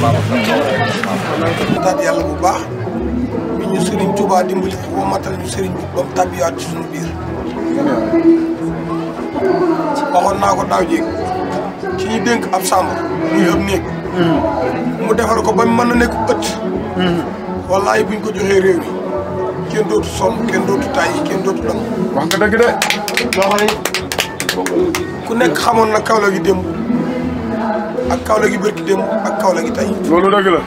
santaat yàlla bu baax bi ñu Serigne Touba dimbali ko matal ba mu tàbbiwaat ci suñu biir waxoon naa ko daaw jéeg ci ñu dénk ab sàmb muy am néeg mu defar ko ba mu mën a nekk ëtt wallaay buñ ko joxee réew mi dootu sonn kenn dootu tàyyi kenn dootu dam ku nekk xamoon na Kaolack gi ak Kaolack gi bërki démb ak Kaolack gi tey. loolu dëgg la.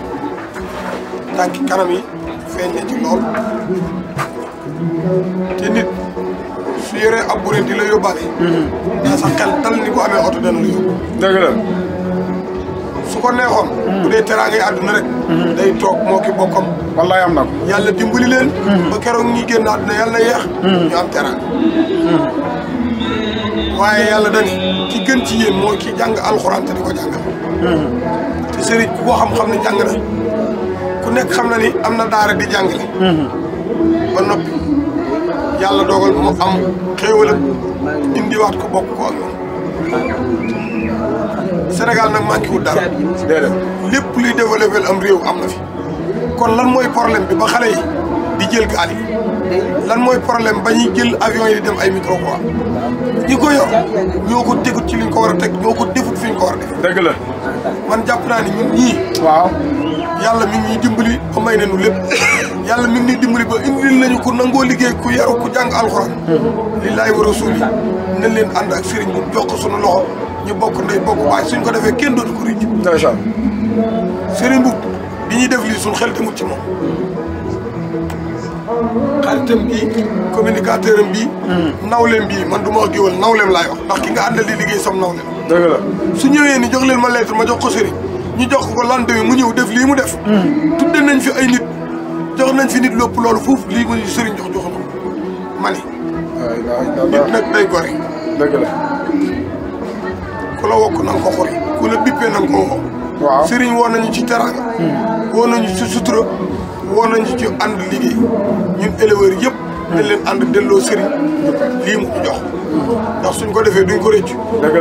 tànki kanam yi feeñ ci lool te nit su yore la yóbbaale. Mhm. daa sax xel dal ni ko amee oto dana yóbbu. dëgg la. su ko neexoon. Mhm. bu dee teraanga yi àdduna rek. Mhm. day toog moo ki bokkam. wallaay am na ko. yàlla dimbali leen. ba keroog ñi génn àdduna yàlla na yéex. ñu teraanga. waaye yàlla dani ki gën ci yéen mooy ki jàng alxuraan te di ko jàngal mhm. te sëriñ ko xam-xam ne jàng na ku nekk xam na ni am na daara di jàngale mhm. ba noppi yàlla dogal mu am xéewalam indiwaat ko bokk ko ak ñoom Sénégal nag manqué dara lépp luy développé am réew am na fi kon lan mooy problème bi ba xale yi di jël gaal lan mooy problème ba ñuy jël avion yi dem ay micro quoi ñi ko yor ñoo ko tegut ci liñ ko war a teg ñoo ko defut fi ko war a def. dëgg la man jàpp naa ni ñun ñii. yàlla mi ñuy dimbali ba may nañu lépp yàlla mu ngi ñuy dimbali ba indil nañu ko nangoo liggéey ku yaru ku jàng alxuraan. lillaahi wa rasuuli na leen ànd ak sëriñ bu jox ko sunu loxo ñu bokk ndey bokk baay suñ ko defee kenn dootu ko rëcc. incha allah sëriñ bu bi ñuy def lii suñu xel demut ci xaritam bi communicateur am bi hmm. nawleem bi man du ma wax géwal nawleem laa wax ndax ki nga àndal di liggéey sam nawleem dëgg su ñëwee ni jox leen ma lettre ma jox ko sëriñ ñu jox ko lendemain mu ñëw def lii mu def hmm. tudde nañ fi ay nit jox nañ fi nit lépp loolu foofu lii mu sëriñ jox jox na ma ni nit nag day gore dëgg la wokk na nga ko xori ku bippee na ko woo sëriñ woo nañu ci teraanga hmm. woo nañu sutura woo nañ ci ànd liggéey ñun éleveurs yëpp dañ leen ànd delloo sëriñ lii mu jox ndax suñ ko defee duñ ko rëcc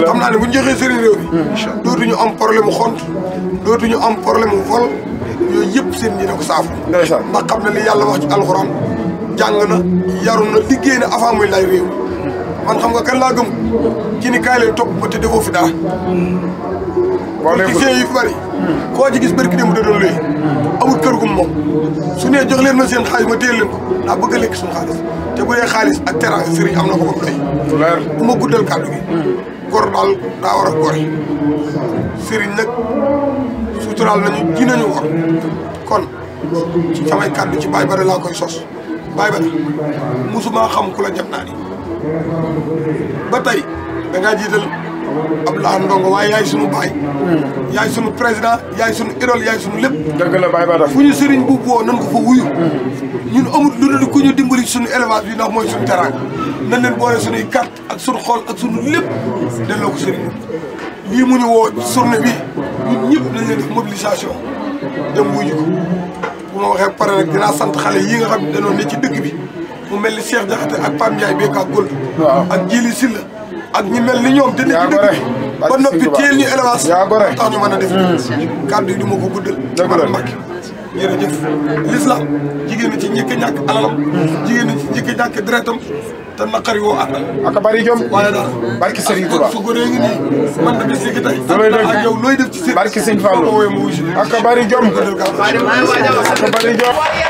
xam naa ne buñ joxee sëriñ réew bi hmm. dootuñu am problème mu xont dootuñu am problème mu vol yooyu yëpp seen ñi ne ko saafu ndax xam na li yàlla wax ci alxuraan jàng na yaru na liggéey na avant muy lay réew man xam nga kan laa gëm ci ni kaay leen topp ba te defoo fi dara politicien yi bëri koo ci gis barki démb da doon luy amul kër gum moom su nee joxleen ma na seen ma téel leen ko bëgg a lekk suñu xaalis te bu dee xaalis ak teranga sëriñ am na ko ba doy bu ma guddal kàddu gi hmm. gor daal daa war a gore sëriñ nag suturaal nañu ji nañu wor kon ci samay kàddu ci Baye Bada laa koy sos Baye Bada musuma xam ku la jam naa ni ba tey da jiital Abdoulaye Ndongo waaye yaay sunu baay. Hmm. yaay sunu président yaay sunu idole yaay sunu lépp. fu ñu sëriñ bu woo nan ko fa wuyu. Hmm. ñun amul lu dul ku ñu dimbali sunu élevage bi ndax mooy sunu teraanga. nan leen boole sunuy carte ak sunu xool ak sunu lépp delloo ko sëriñ lii mu ñu woo journée bi ñun ñëpp dañ leen def mobilisation dem wuyu ko bu ma waxee pare nag dinaa sant xale yi nga xam ne dañoo ne ci dëkk bi mu mel ni Cheikh Diakhaté ak Pam Ndiaye beeg ak Gold. waaw ak ak ñi mel ni ñoom. yaa gore ba noppi téel ñu élevage. yaa gore tax ñu mën a def. Hmm. kàddu yi du ma ko guddal. dëgg la ci njëkk a hmm. a ñàkk deretam te naqari woo àttal. ak bari jom waaye daal. barki Serigne Touba ak fukki réew mi nii man tamit si tey. looy def ak yow